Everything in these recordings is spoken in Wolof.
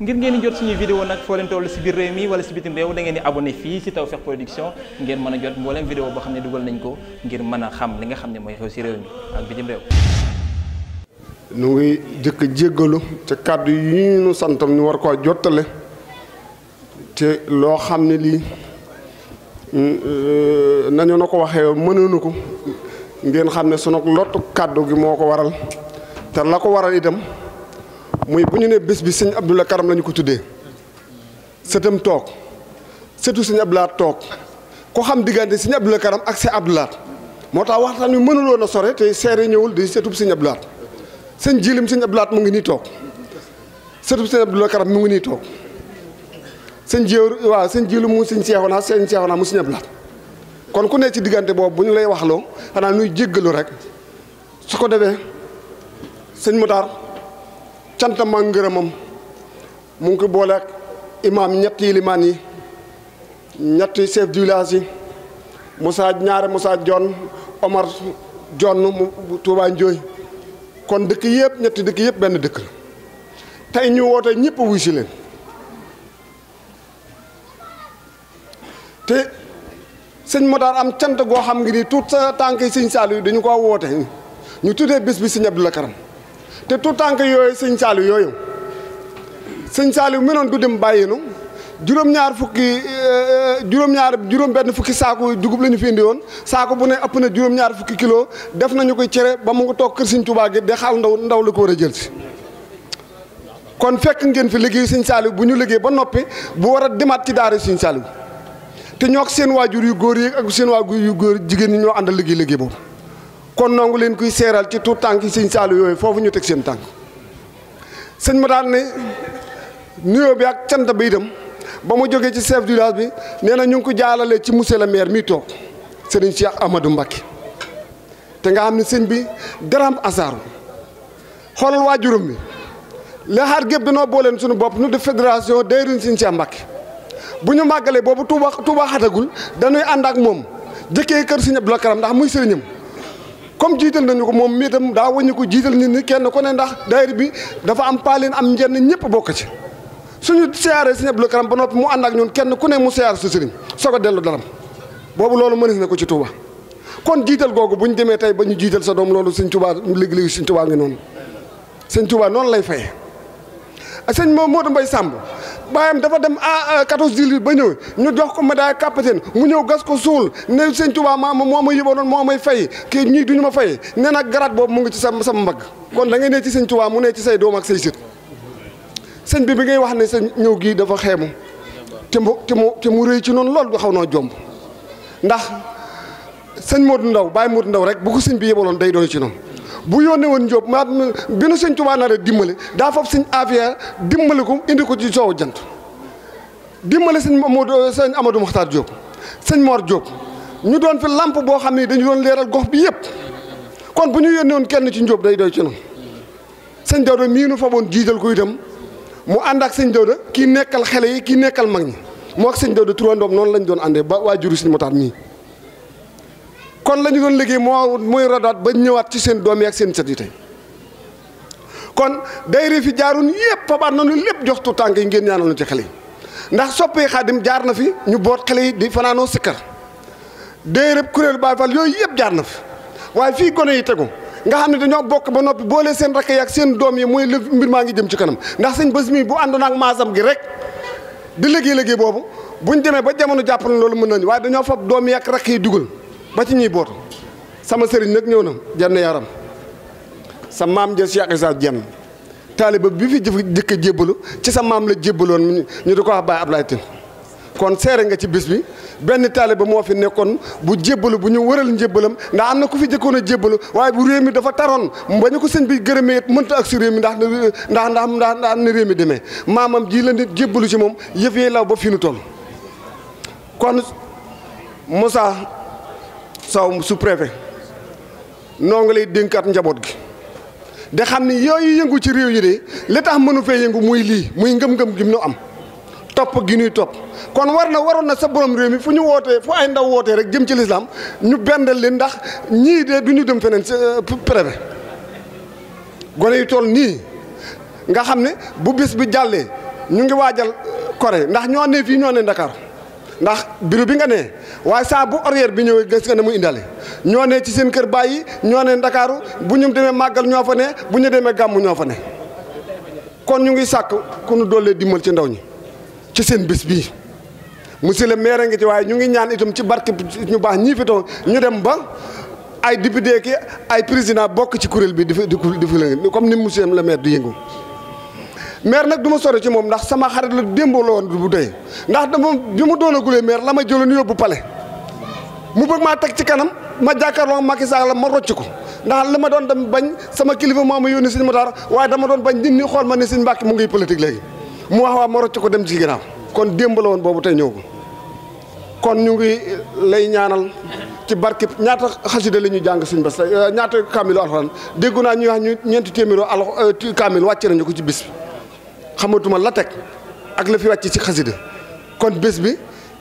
ngir ngeen di jot suñuy vidéo nag foo leen toll si biir réew mi wala si bitim réew da ngeen di abonné fii si Tawfekh Production ngeen mën a jot mbooleem vidéo boo xam ne dugal nañ ko ngir mën a xam li nga xam ne mooy xew si ak bitim réew nu ngi jëkk jéggalu ca kàddu yi ñu santam ñu war koo jottale te loo xam ne lii euh, nañu na ko waxee mënuñu ko ngeen xam ne sunu lottu kàddu gi moo ko waral te la ko waral itam muy bu ñu ne bés bi sëñ Abdou Lahad Karam la ko tuddee sëtam toog sëtu sëñ Abdou toog ko xam diggante sëñ Abdou ak sëñ Abdou moo tax waxtaan wi mënuloon a sore te seere di sëtub sëñ Abdou Lahad sëñ jilim sëñ mu ngi nii toog sëtub sëñ mu ngi nii toog sëñ jiw waaw sëñ mu sëñ Seexuna sëñ Seexuna mu sëñ Abdou Lahad kon ku ne ci diggante boobu bu ñu lay waxloo xanaa nuy jéggalu rek su ko defee sëñ Moutaar cantam ak ngërëmam mu ngi ko boole ak imaam ñetti limaan yi ñetti chef du yi Moussa ñaare Moussa John Omar jon mu Touba Ndioy kon dëkk yëpp ñetti dëkk yëpp benn dëkk la tey ñu woote ñëpp wuy si te sëñ Motaar am cant goo xam ngi ni tuut sa tànk siñ sëñ Saliou dañu ko woote ñu tuddee bés bi sëñ la Karam te tout tànk yooyu sëñ Saliou yooyu sëñ Saliou mu noon guddim bàyyi nu juróom-ñaar fukki eh, eh, juróom-ñaar juróom-benn fukki saako dugub la ñu fi indi woon saako bu ne ëpp na juróom-ñaar fukki kilo def nañu koy cere ba mu ngi toog kër sëñ Tuubaa gi de xaal ndaw ndaw la ko war a jël si. kon fekk ngeen fi liggéey sëñ Saliou bu ñu liggéey ba noppi bu war a demaat ci daara sëñ Saliou te ñoo seen waajur yu góor yi ak seen waajur yu góor jigéen ñi ñoo àndal liggéey liggéey boobu. kon nangu leen kuy seeral ci tuut tànk yi sëñ Saalu yooyu foofu ñu teg seen tànk sëñ ma daan ne nuyoo bi ak cant bi itam ba mu jógee ci chef du village bi nee na ñu ngi ko jaalalee ci monsieur le maire mi toog sëriñ Cheikh Amadou Mbacké te nga xam ni sëñ bi daraam asaaru xoolal waajuram bi la xaar gépp danoo booleen sunu bopp nu de fédération dayruñ sëñ Cheikh Mbacké bu ñu màggalee boobu Touba Touba xatagul dañuy ànd ak moom jëkkee kër sëñ Abdou Karam ndax muy sëriñam comme jiital nañu ko moom mii tam daa wàññi ko jiital nit ñi kenn ku ne ndax daayira bi dafa am paaleen am njenn ñëpp bokk ci suñu siyaaree Sëriñ Abdou Karam ba noppi mu ànd ak ñun kenn ku ne mu siyaare su sëriñ soog a dellu daram boobu loolu mënees na ko ci Touba kon jiital googu bu ñu demee tey ba ñu jiital sa doom loolu Sëriñ Touba liggéeyu Sëriñ Touba ngi noonu Sëriñ Touba noonu lay fay Ah, sëñ moo Modou Mbaye sàmb baayam dafa dem à 14 juillet ba ñëw ñu jox ko ma médaille capitaine mu ñëw gas ko suul ne sëñ Touba maa moo ma yëboonoon moo may fay kii ñii duñu ma fay nee na garaat boobu mu ngi ci sa sama mbagg kon da ngay ne ci sëñ Touba mu ne ci say doom ak say sit sëñ bi bi ngay wax ne sa ñëw gii dafa xeemu te mu te mu te mu rëy ci noonu loolu xaw noo jomb ndax sëñ Modou Ndaw Baye Modou Ndaw rek bu ko sëñ bi yëbaloon day doy ci noonu bu yónnee woon Njóob ma bi nu sëñ Tuubaa nar a dimbale daa fab sëñ Afia dimbale ko indi ko ci soowu jant dimbale euh, sëñ Amadou sëñ Amadou Mokhtar Diop sëñ Mor Diop ñu doon fi lamp boo xam ne dañu doon leeral gox bi yëpp kon bu ñu yónnee woon kenn ci Njóob day doy ci noonu sëñ Dawda mii nu faboon jiital ko itam mu ànd ak sëñ Dawda kii nekkal xele yi kii nekkal mag ñi moo ak sëñ Dawda turandoom noonu lañ doon àndee ba waa waajuru sëñ Motaar mii kon lañu ñu doon liggéey moo mooy rodaat ba ñëwaat ci seen doom yi ak seen sët yi tey kon dayre fi jaarun yëpp fabaat nañu lépp jox tu tànk yi ngeen ñaanal ci xale yi ndax soppee xaadim jaar na fi ñu boot xale yi di fanaanoo sikkar dayre kuréel Baay Faal yooyu yëpp jaar na fi waaye fii gone yi tegu nga xam ni dañoo bokk ba noppi boolee seen rakk yi ak seen doom yi muy lëf mbir maa ngi jëm ci kanam ndax sëñ bés mi bu àndoon ak maasam gi rek di liggéey liggéey boobu buñ demee ba jamono jàpp loolu mën nañu waaye dañoo fab doom yi ak rakk yi ba ci ñuy boot sama sëriñ nag ñëw na jenn yaram sa maam ja Cheikh Issa jenn taaliba bi fi jëf jëkk jébbalu ci sa maam la jébbaloon ñu di ko wax Baye Ablaye Tine kon seere nga ci bis bi benn taaliba moo fi nekkoon bu jébbalu bu ñu wëral njébbalam ndax am na ku fi jëkkoon a jébbalu waaye bu réew mi dafa taroon ba ko señ bi gërëmee mënta ak si réew mi ndax ndax ndax ndax ndax am na réew mi demee maamam jii la nit jébbalu ci moom yëf yi law fi nu toll saw su préfet noo ngi lay dénkaat njaboot gi de xam ni yooyu yëngu ci réew yi de li tax mënu fee yëngu muy lii muy ngëm-ngëm gi nu am topp gi ñuy topp kon war na waroon na sa borom réew mi fu ñu wootee fu ay ndaw wootee rek jëm ci lislaam ñu bendal leen ndax ñii de du ñu dem feneen euh, préfet gone yu tool nii nga xam ne bu bis bi jàllee ñu ngi waajal kore euh, ndax ñoo ne fii ñoo ne Ndakaaru ndax bureau bi nga ne waaye saa bu horaire bi ñëwee gis nga ne mu indale ñoo ne ci seen kër bàyyi ñoo ne ndakaaru bu ñu demee màggal ñoo fa ne bu ñu demee gàmm ñoo fa ne kon ñu ngi sàkk ku nu doolee dimbal ci ndaw ñi ci seen bés bii monsieur le maire ngi ci waaye ñu ngi ñaan itam ci barke ñu baax ñii fi toog ñu dem ba ay député ki ay président bokk ci kuréel bi di fi di fi comme ni monsieur le maire di yëngu maire nag du ma sore ci moom ndax sama xarit la démb la woon bu doy ndax dama bi mu doon a gulee maire la ma jëloon yóbbu pale mu bëgg maa teg ci kanam ma jàkkaarloo Macky Sall la ma rocc ko ndax li ma doon dem bañ sama kilifa moo ma yónni suñu motaar waaye dama doon bañ nit ñi xool ma ne suñu mbàkk mu ngi politique léegi mu wax waa ma ko dem ci kon démb woon boobu tey ñëw ko kon ñu ngi lay ñaanal ci barke ñaata la ñuy jàng suñu bés ñaata kaamilu alxuraan déggu naa ñuy wax ñu ñeenti téeméero al euh, kaamil wàcce nañu ko ci bis xamatuma la teg ak la fi wàcc ci xaside kon bés bi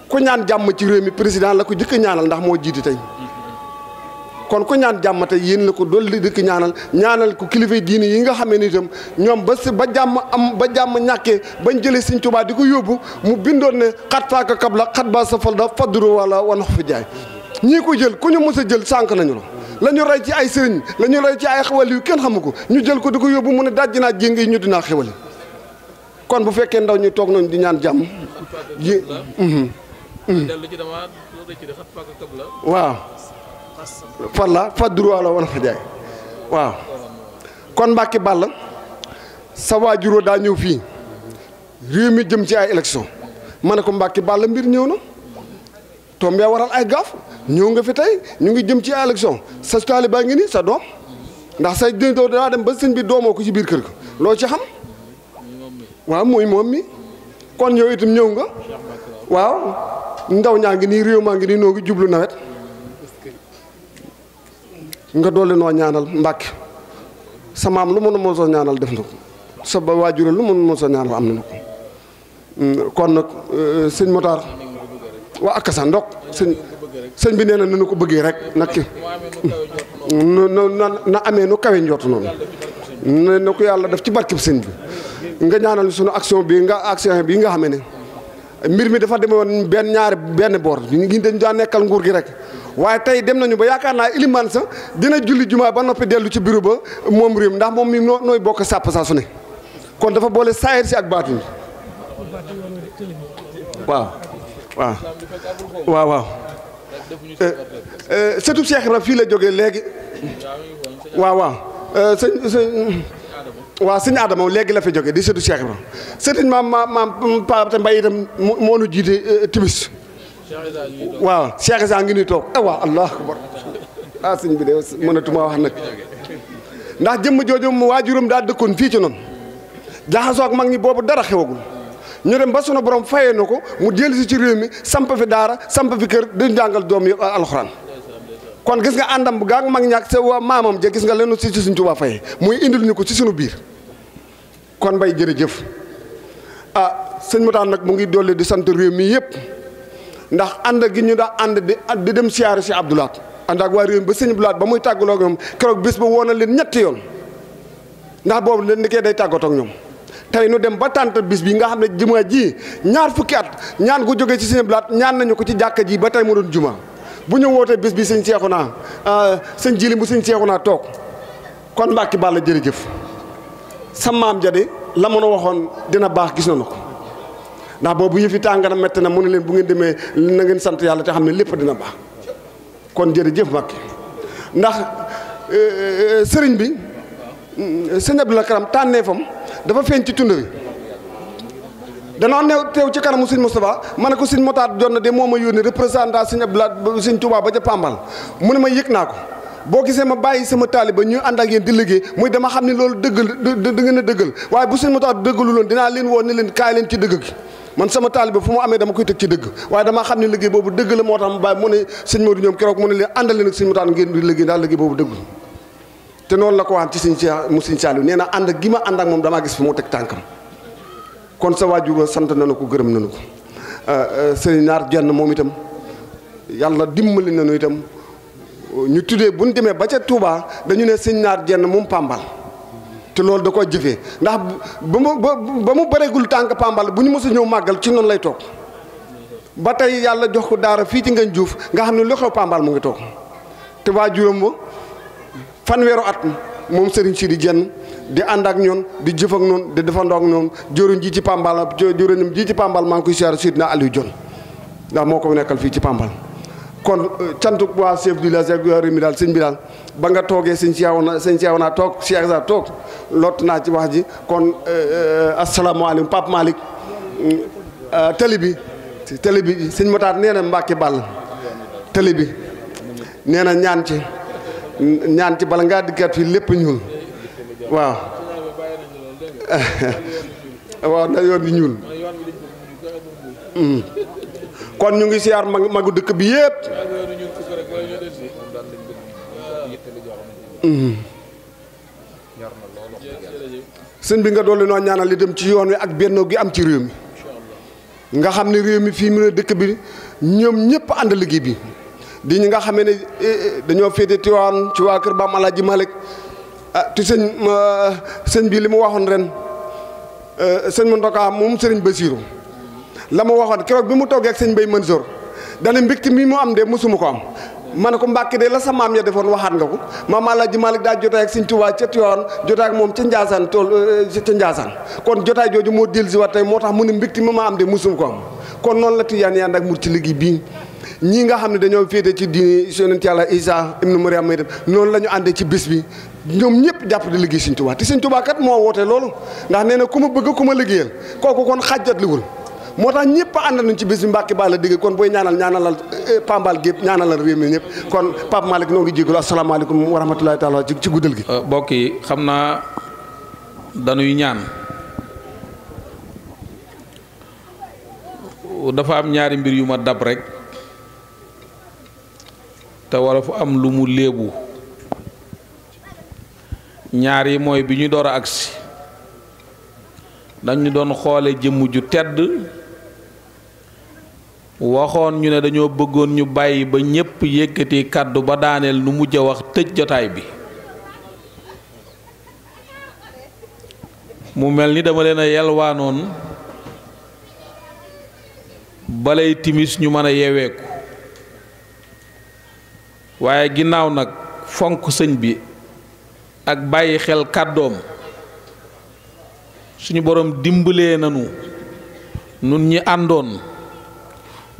ku ñaan jàmm ci réew mi président la ko jëkk ñaanal ndax moo jiitu tey kon ku ñaan jàmm tey yéen la ko dolli dëkk ñaanal ñaanal ko kilifa diini yi nga xamee ni itam ñoom ba si ba jàmm am ba jàmm ñàkkee bañ jëlee Sëñ Tuubaa di ko yóbbu mu bindoon ne xat faaka kab la xat baa sa fal da fadduru wala wanox fi jaay ñii ko jël ku ñu mës a jël sànq nañu la la ñu rey ci ay sëriñ la ñu rey ci ay xewal yu kenn xamu ko ñu jël ko di ko yóbbu mu ne dajji naa jéngi ñu dinaa xewali kon bu fekkee ndaw ñu toog nañu di ñaan jàmm. ji mhm. mhm. waaw. far la far duruwaa la wan fa jaay waaw. kon Mbacke Balla sa waajuroo daa ñëw fii réew mi jëm ci ay élection ma ne ko Mbacke Balla mbir ñëw na tombe yaa waral ay gaaf ñëw nga fi tey ñu ngi jëm ci ay élection sa taalibe baa ngi nii sa doom ndax say doo daa dem ba sëñ bi doomoo ko ci biir kër ga loo ci xam. waa mooy moom mi kon yow itam ñëw nga waaw ndaw ñaa ngi nii réew maa ngi nii noo jublu nawet nga doole noo ñaanal mbàkke sa am lu mënu mosoo ñaanal def na ko sa ba waajur lu mënu mosoo ñaanal am na ko mm, kon nag euh, sëñ Motaar waa ak sa ndok sëñ bi nee na nu ko bëggee rek nag ki na na amee nu kawe njoot noonu na ko yàlla def ci barkeb sëñ bi nga ñaanal suñu action bi nga action bi nga xam ne mbir mi dafa demoon benn ñaari benn boor ñu ngi dañ daan nekkal nguur gi rek waaye tey dem nañu ba yaakaar naa iliman sa dina julli jumaa ba noppi dellu ci biru ba moom réew ndax moom mi nooy bokk sàpp saa su ne kon dafa boole saayir si ak baatin waaw waaw waaw eh, eh, fii la jógee léegi waaw eh, waa sëñ Adama léegi la fi jógee di sëtu Cheikh Ibrahima sëriñ maam maam maam Pape Mbaye itam moo nu jiite euh, timis waaw Cheikh Isa ngi nuy toog ah waaw allah ah sëñ bi de mënatuma wax nag ndax jëmm jooju waajuram daa dëkkoon fii ci noonu jaxasoo ak mag ñi boobu dara xewagul ñu dem ba sunu borom fayee na ko mu dellu si ci réew mi samp fi daara samp fi kër di jàngal doom yi alxuraan. kon gis nga àndam gaa mag ñàkk sa waa maamam ja gis nga lenu si suñ Tuubaa Faye muy indil ñu ko ci suñu biir kon bay jërëjëf a ah sëñ Mouta nag mu ngi dolli di sant réew mii yëpp ndax ànd gi ñu daa ànd di di dem siyaare si Abdoulaat ànd ak waa réew mi ba sëñ bulaat ba muy tàggaloo ak ñoom keroog bis ba woon na leen ñetti yoon ndax boobu leen ni day tàggatoo ñoom. tey nu dem ba tànt bis bi nga xam ne jumaa ji ñaar fukki at ñaan gu jógee ci sëñ Abdoulaat ñaan nañu ko ci jàkka ji ba tey mu doon bu ñu wootee bis bi sëñ seexu naa ah, sëñ jili bu sëñ seexu naa toog kon mbàkki bàll jërëjëf samaam maam jadi la mën a waxoon dina baax gis nañu ko ndax boobu yëfi tàngana métti na mu ne leen bu ngeen demee na ngeen sant yàlla te xam ne lépp dina baax kon jërëjëf mbàkki ndax eh, eh, eh, sëriñ bi mm, sëñ Abdou Karam tànneefam dafa feeñ ci tund wi danoo new teew ci kanam sëñ Moustapha ma ne ko sëñ Motaat jot na de moo ma yónni représentant sëñ Abdoulaye sëñ Touba ba ca mu ne ma yëg naa ko boo gisee ma bàyyi sama taaliba ñuy ànd ak yéen di liggéey muy dama xam ne loolu dëggal da ngeen a dëggal waaye bu sëñ Motaat dëggalu loon dinaa leen woo ne leen kaay leen ci dëgg gi man sama taaliba fu mu amee dama koy teg ci dëgg waaye xam ne liggéey boobu dëgg la moo tax mu bàyyi mu ne sëñ Modou ñoom keroog mu ne di liggéey daal liggéey boobu dëggul te noonu la ko waxam ci sëñ Cheikh mu sëñ Saliou nee na ànd gi ma ànd ak moom damaa gis fu mu teg tànkam kon sa waajur wa sant nañu ko gërëm nañu ko euh, euh, sëriñ naar jenn moom itam yàlla dimbali nanu itam ñu tuddee bu ñu demee ba ca Touba dañu ne sëñ naar jenn moom pàmbal te loolu da ko jëfee ndax ba mu ba mu bareegul tànk pàmbal bu ñu mos ñëw màggal ci noonu lay toog ba tey yàlla jox ko daara fii ci ngañ juuf nga xam ne lu xew mu ngi toog te waajuram ba fanweeru at moom sëriñ Sidi Jenn di ànd ak ñun di jëf ak ñun di defandoo ak ñun jëriñ ji ci Pambal jëriñam ji ci Pambal maa ngi koy siyaar Sidna Aliou Dione ndax moo ko nekkal fii ci Pambal. kon euh, cantuk waa chef du mi daal sëñ bi daal ba nga toogee sëñ siyaaw na sëñ siyaaw naa toog siyaaw naa toog lott naa ci wax ji kon euh, asalaamaaleykum Pape Malick euh, tëli bi tëli bi sëñ Mataat nee na Mbacke Ball tëli bi nee na ñaan ci ñaan ci bala ngaa dikkaat fii lépp ñuul. waaw waaw na yoon bi ñuul hmm. kon ñu ngi siyaar mag magu dëkk bi yépp hmm. sëñ bi nga dolli noo ñaanal li dem ci yoon wi ak bennoo gi am ci réew mi nga xam ni réew mi fii mu ne dëkk bi ñoom ñëpp ànd liggéey bi di ñi nga xamee ne eh, eh, dañoo féete Tiwaawan ci waa kër Baam Alaaji Malik ah te ma sëñ bii li mu waxoon ren eh, sëñ Mountakha moom sëriñ Bassirou la mu waxoon keroog bi mu toogee ak sëñ Mbaye Mansour dana mbégte mi mu am de mosuma ko am ma ne ko Mbàkke de la sa maam ya defoon waxaat nga ko ma maam Alaaji Maalik daa jotaay ak sëñ Tuubaa ca Tiwaawan jotaay ak moom ca Njaasaan tool eh, ca Njaasaan kon jotaay jooju moo dellusiwaat tey moo tax mu ne mbégte mi ma am de mosuma ko am kon noonu la Tijaan yi ànd ak mu ci liggéey bii ñii nga xam ne dañoo féete ci diini yonent yàlla Isa ibnu Maryam may dem noonu la ñu àndee ci bis bi ñoom ñëpp jàpp di liggéey Sëñ Tuubaa te Sëñ Tuubaa kat moo woote loolu ndax nee na ku ma bëgg ku ma liggéeyal kooku kon xàjjatliwul moo tax ñëpp ànd nañ ci bis bi Mbàkke baa la digg kon booy ñaanal ñaanalal eh, Pambal gépp ñaanalal réew mi ñëpp kon Pape Malick noo ngi jégalu asalaamaaleykum wa rahmatulahi taala ci guddal gi. Euh, mbokk yi xam naa dañuy ñaan dafa am ñaari mbir yu ma dab rek. te wala am lu mu léebu ñaar mooy bi ñuy door a agsi dañu doon xoole jëmm ju tedd waxoon ñu ne dañoo bëggoon ñu bàyyi ba ñépp yëkkati kàddu ba daaneel nu mujj wax tëj jotaay bi mu mel ni dama leen a yelwaanoon balay timis ñu mën a yeweeku waaye ginnaaw nag fonk sëñ bi ak bàyyi xel kàddoom suñu boroom dimbalee nanu nun ñi àndoon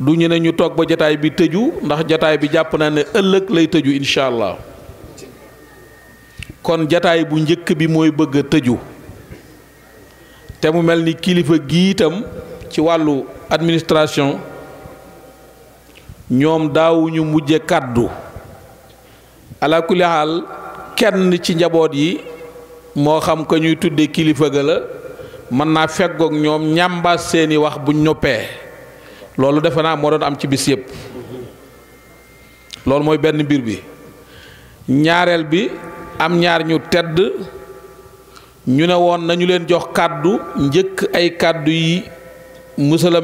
du ñu ñu toog ba jataay bi tëju ndax jataay bi jàpp naa ne ëllëg lay tëju incha allah kon jataay bu njëkk bi mooy bëgg a tëju te mu mel ni kilifa gi itam ci wàllu administration ñoom daawuñu mujje kàddu ala kenn ci njaboot yi moo xam ko ñuy tudde kilifa ga la mën naa feggoog ñoom ñàmbaas seeni wax bu ñoppee loolu defe naa moo doon am ci bis yëpp loolu mooy benn mbir bi ñaareel bi am ñaar ñu tedd ñu ne woon nañu leen jox kàddu njëkk ay kàddu yi monsieur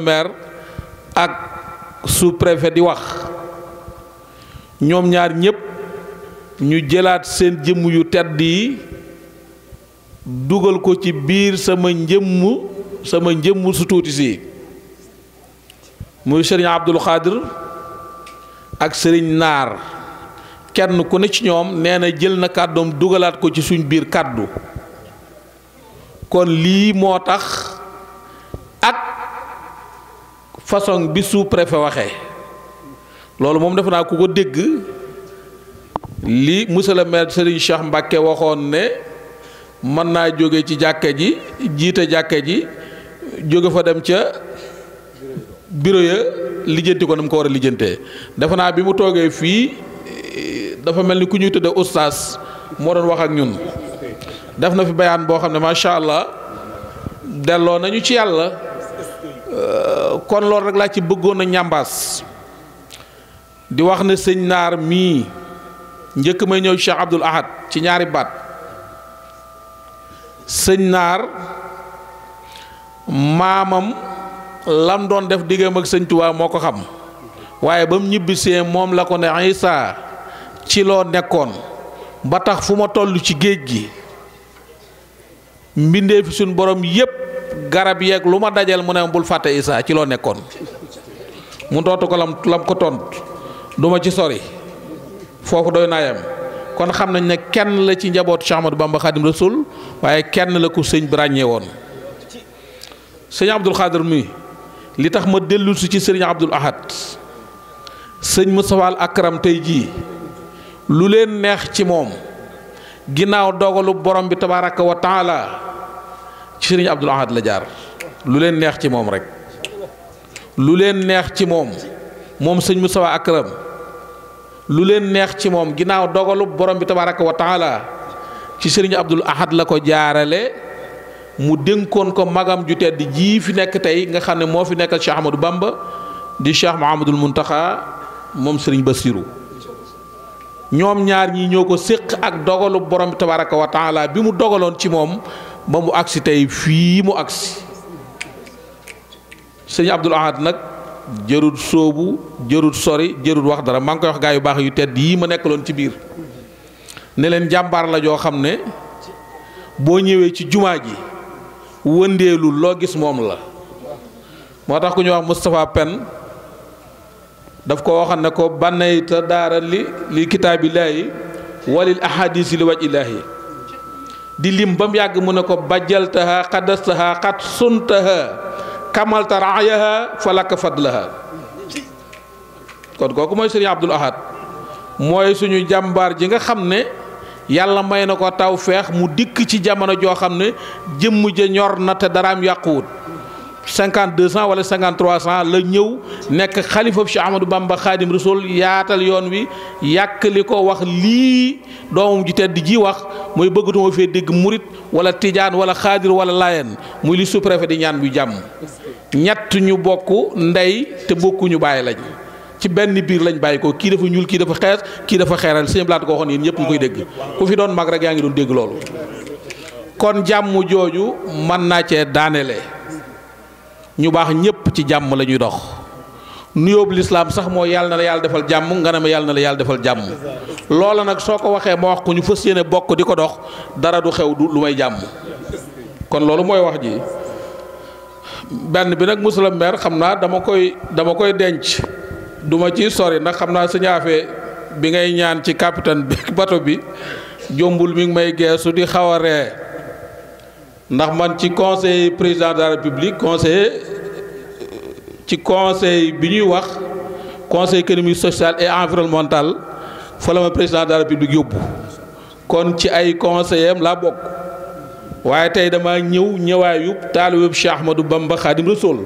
ak sous di wax ñoom ñaar ñëpp ñu jëlaat seen jëmm yu tedd yi dugal ko ci biir sama njëmm sama njëmm su tuuti si muy sëriñ Abdul Xaadir ak sëriñ Naar kenn ku ne ci ñoom nee na jël na kàddoom dugalaat ko ci suñu biir kàddu kon lii moo tax ak façon bi sous-préfet waxee loolu moom defe naa ku ko dégg. li monsieur le maire Serigne Cheikh Mbacke waxoon ne mën naa jóge ci jàkka ji jiite jàkka ji jóge fa dem ca bureau ya lijjanti ko na mu ko war a lijjante defe naa bi mu toogee fii dafa mel ni ku ñuy tëddee oustaz moo doon wax ak ñun def na fi bayaan boo xam ne macha allah delloo nañu ci yàlla kon loolu rek laa ci bëggoon a ñambaas di wax ne sëñ naar mii. njëkk may ñëw Cheikh Abdul Ahad ci ñaari baat sëñ naar maamam lam doon def diggam ak sëñ Tuubaa moo ko xam waaye ba mu ñibbisee moom la ko ne Isaa ci loo nekkoon ba tax fu ma toll ci géej gi mbindee fi suñ borom yépp garab yeeg lu ma dajal mu ne bul fàtte Isaa ci loo nekkoon mu dootu ko lam lam ko tont duma ci sori foofu doy naa yem kon xam nañ ne kenn la ci njaboot Cheikh Ahmadou Bamba Khadim Rasoul waaye kenn la ko sëñ bi ràññee woon sëñ Abdul Xaadir mi li tax ma dellusi ci sëriñ Abdul Ahad sëñ Moustapha Al Akram tey jii lu leen neex ci moom ginnaaw dogalu borom bi tabaaraka wa taala ci sëriñ Abdul Ahad la jaar lu leen neex ci moom rekk lu leen neex ci moom moom sëñ mu Moustapha Akram lu leen neex ci moom ginnaaw dogalu borom bi tabaraka wa taala ci sëriñ Abdul Ahad la ko jaarale mu dénkoon ko magam ju tedd jii fi nekk tey nga xam ne moo fi nekkal Cheikh Bamba di Cheikh Mouhamadul Muntaxa moom sëriñ Basiru ñoom ñaar ñi ñoo ko séq ak dogalu borom bi tabaraka wa bi mu dogaloon ci moom ba mu agsi tey fii mu agsi sëriñ Abdul Ahad nag jërut soobu jërut sori jërut wax dara maa ngi koy wax gaa yu baax yu tedd yii ma nekkaloon ci biir ne leen jàmbaar la joo xam ne boo ñëwee ci jumaa ji wëndeelu loo gis moom la moo tax ku ñu wax Moustapha Penn daf ko waxoon ne ko bànnayta daara li li kitaabillaahi walil ahadisi li waj illaahi di lim ba mu yàgg mu ne ko bajjaltaha xaddastaha xat suntaha kamalta raayaha fa lakka fadlaha kon kooku mooy sëriñ Abdul Ahad mooy suñu jàmbaar ji nga xam ne yàlla may na ko taw feex mu dikk ci jamono joo xam ne jëmm ja ñor na te daraam yàquwut cinquante deux cent wala cinquante la ñëw nekk xalifa Cheikh Ahmadou Bamba Xaadim Rasul yaatal yoon wi yàq li ko wax lii doomam ji tedd ji wax mooy bëggatuma fee dégg murit wala tijaan wala xaadir wala laayeen muy li sous-préfet di ñaan bu jàmm ñett ñu bokk ndey te bokkuñu bàyyi lañ ci benn biir lañ bàyyi ko kii dafa ñuul kii dafa xees kii dafa xeeral sëñ Blaat ko waxoon yéen ñëpp ñu koy dégg ku fi doon mag rek yaa ngi doon dégg loolu kon jàmm jooju mën naa cee daanelee. ñu baax ñépp ci jàmm la ñuy dox nuyóob lislaam sax moo yàlla na la yàlla defal jàmm nga ne na la yàlla defal jàmm loola nag soo ko waxee ma wax ko ñu fas yéene bokk di ko dox dara du xew lu may jàmm kon loolu mooy wax ji benn bi nag musula meer xam naa dama koy dama koy denc duma ci sori ndax xam naa sëñ bi ngay ñaan ci capitaine bi bato bi jombul mi ngi may geesu di xaw a ree ndax man ci conseil président de la république conseiller ci conseil bi ñuy wax conseil économique social et environnemental fa la ma président de la république yóbbu kon ci ay conseillers laa bokk waaye tey dama ñëw ñëwaayub taalibeeb Cheikh Ahmadou Bamba Khadim Rasoul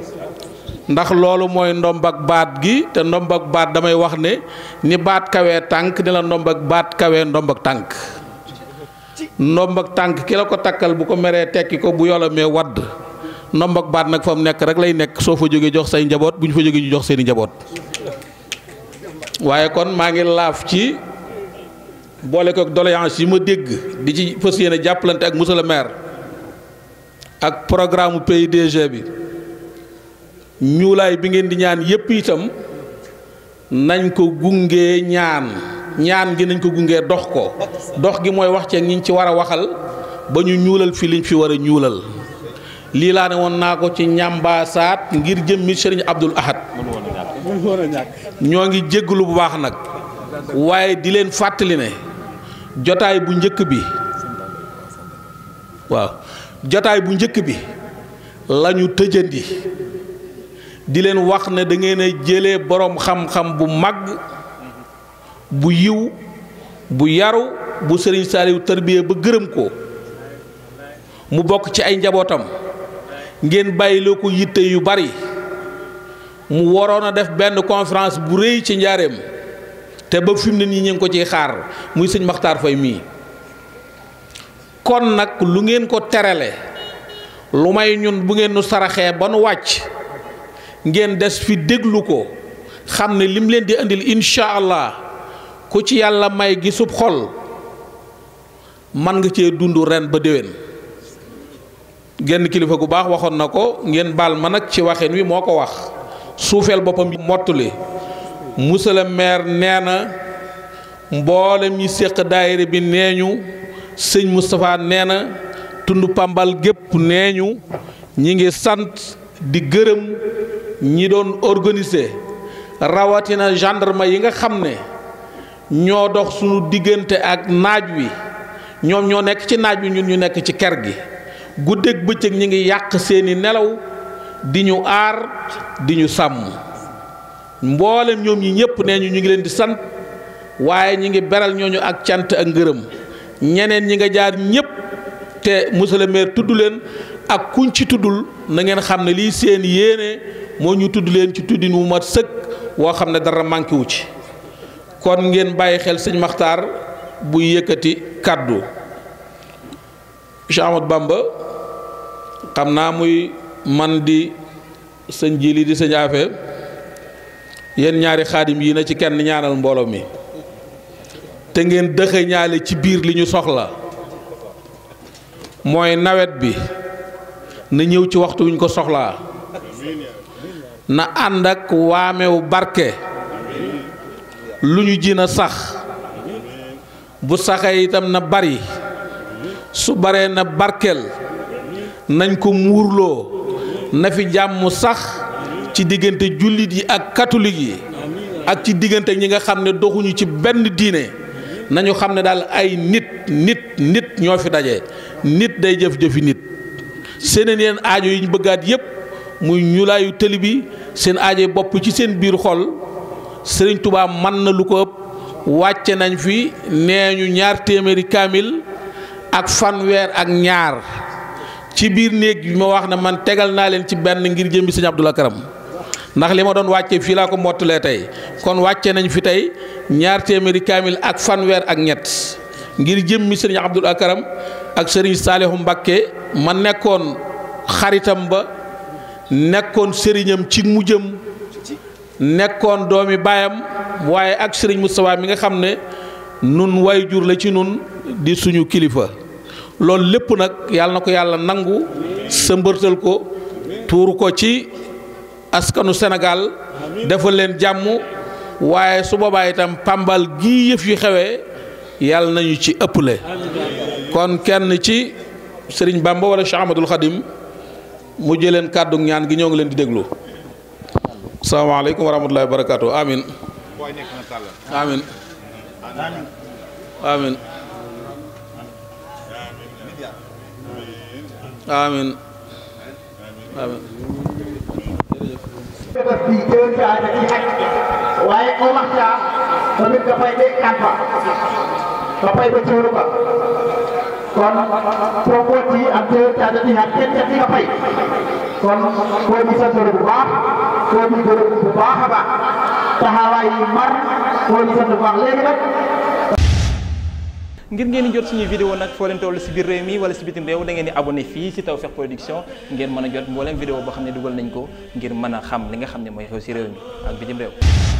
ndax loolu mooy ndombak baat gi te ndombak baat damay wax ne ni baat kawee tànk ni la ndombak baat kawee ndombak tànk ndomb ak tànk ki la ko takkal bu ko meree tekki ko bu yolamee wadd ndomb ak baat nag fa mu nekk rek lay nekk soo fa jógee jox say njaboot bu ñu fa jógee ñu jox seeni njaboot waaye kon maa ngi laaf ci boole ko doléance yi ma dégg di ci fas yéene jàppalante ak monsieur le maire ak programme PIDG bi ñuulaay bi ngeen di ñaan yépp itam nañ ko gungee ñaan ñaan gi nañ ko gungee dox ko dox gi mooy wax ci ñi ci war a waxal ba ñu ñuulal fi liñ fi war a ñuulal lii laa ne woon naa ko ci ñambaasaat ngir jëmmi sëriñ Abdul Ahad ñoo ngi jégglu bu baax nag waaye di leen fàttali ne jotaay bu njëkk bi waaw jotaay bu njëkk bi lañu tëjandi di leen wax ne dangeen ngeen a boroom xam-xam bu mag bu yiw bu yaru bu sëriñ saaliw tarbiya ba gërëm ko mu bokk ci ay njabootam ngeen bàyyiloo ko yitte yu bari mu waroon a def benn conférence bu rëy ci njaareem te ba fi mu ne nii ñu ko ciy xaar muy sëñ Maxtaar Fay mii kon nag lu ngeen ko terale lu may ñun bu ngeen nu saraxee ba nu wàcc ngeen des fi déglu ko xam ne lim leen di indil incha allah ku ci yàlla may gisub xol man nga cee dundu ren ba déwén genn kilifa gu baax waxoon na ko ngeen baal ma nag ci waxin wi moo ko wax suufeel boppam bi mottule le maire nee na mboolem ñi séq daayira bi nee ñu sëñ Moustapha nee na tund pambal gépp nee ñu ñi ngi sant di gërëm ñi doon organiser rawatina gendarme yi nga xam ne ñoo dox sunu diggante ak naaj wi ñoom ñoo nekk ci naaj wi ñun ñu nekk ci ker gi guddeeg bëccëg ñi ngi yàq seeni nelaw di ñu aar di ñu sàmm mboolem ñoom ñi ñëpp nee ñu ñu ngi leen di sant waaye ñi ngi beral ñooñu ak cant ak ngërëm ñeneen ñi nga jaar ñëpp te monsieur le tudd leen ak kuñ ci tuddul na ngeen xam ne lii seeni yéene moo ñu tudd leen ci tuddin wu mat sëkk woo xam ne dara manqué wu ci kon ngeen bàyyi xel sëñ maxtar buy yëkkati kàddu Cheikh Ahmad Bamba xam naa muy man di sëñ jili di sëñ yenn ñaari xaadim yi na ci kenn ñaanal mbooloo mi te ngeen dëxe ñaale ci biir li ñu soxla mooy nawet bi na ñëw ci waxtu wi ñu ko soxlaa na ànd ak waamewu barke lu ñu ji na sax bu saxee itam na bari su baree na barkeel nañ ko muurloo na fi jàmm sax ci diggante jullit yi ak katolik yi ak ci diggante ñi nga xam ne doxuñu ci benn diine nañu xam ne daal ay nit nit nit ñoo fi daje nit day jëf jëfi nit seeneen yeneen aajo yi ñu bëggaat yépp muy ñuulaayu tëli bi seen aajo bopp ci seen biir xol sëriñ tubaab man na lu ko wàcce nañ fi nee ñu ñaar téeméeri kaamil ak fanweer ak ñaar ci biir néeg bi ma wax ne man tegal naa leen ci benn ngir jëmmi jëmbi sëñ Abdou Karam ndax li ma doon wàcce fii laa ko mottalee tey kon wàcce nañ fi tey ñaar téeméeri kaamil ak fanweer ak ñett ngir jëmmi sëriñ Abdou Karam ak sëriñ Saalihu Mbakke ma nekkoon xaritam ba nekkoon sëriñam ci mujjam nekkoon doomi baayam waaye ak sëriñ Moustapha mi nga xam ne nun way jur la ci nun di suñu kilifa loolu lépp nag yàlla na ko yàlla nangu sëmbërtal ko tuur ko ci askanu Sénégal dafa leen jàmm waaye su boobaa itam pàmbal gi yëf yu xewee yàlla nañu ci ëpple kon kenn ci sëriñ Bamba wala Cheikh Ahmadul Xadim mu jëleen kàddu ñaan gi ñëw ngi leen di déglu salaamaaleykum wa rahmatullahi wa amin amin amin waaye o maxta tamit dafay de kanfa dafay ba ceeru ba kon koo di gërëm bu baax a ngir ngeen jot suñuy vidéo nag foo leen toll si biir réew mi wala si bitim réew da ngeen di abonné fii si Tawfekh Production ngeen mën a jot mbooleem vidéo boo xam ne dugal nañ ko ngir mën a xam li nga xam ne mooy xew si réew mi ak bitim réew.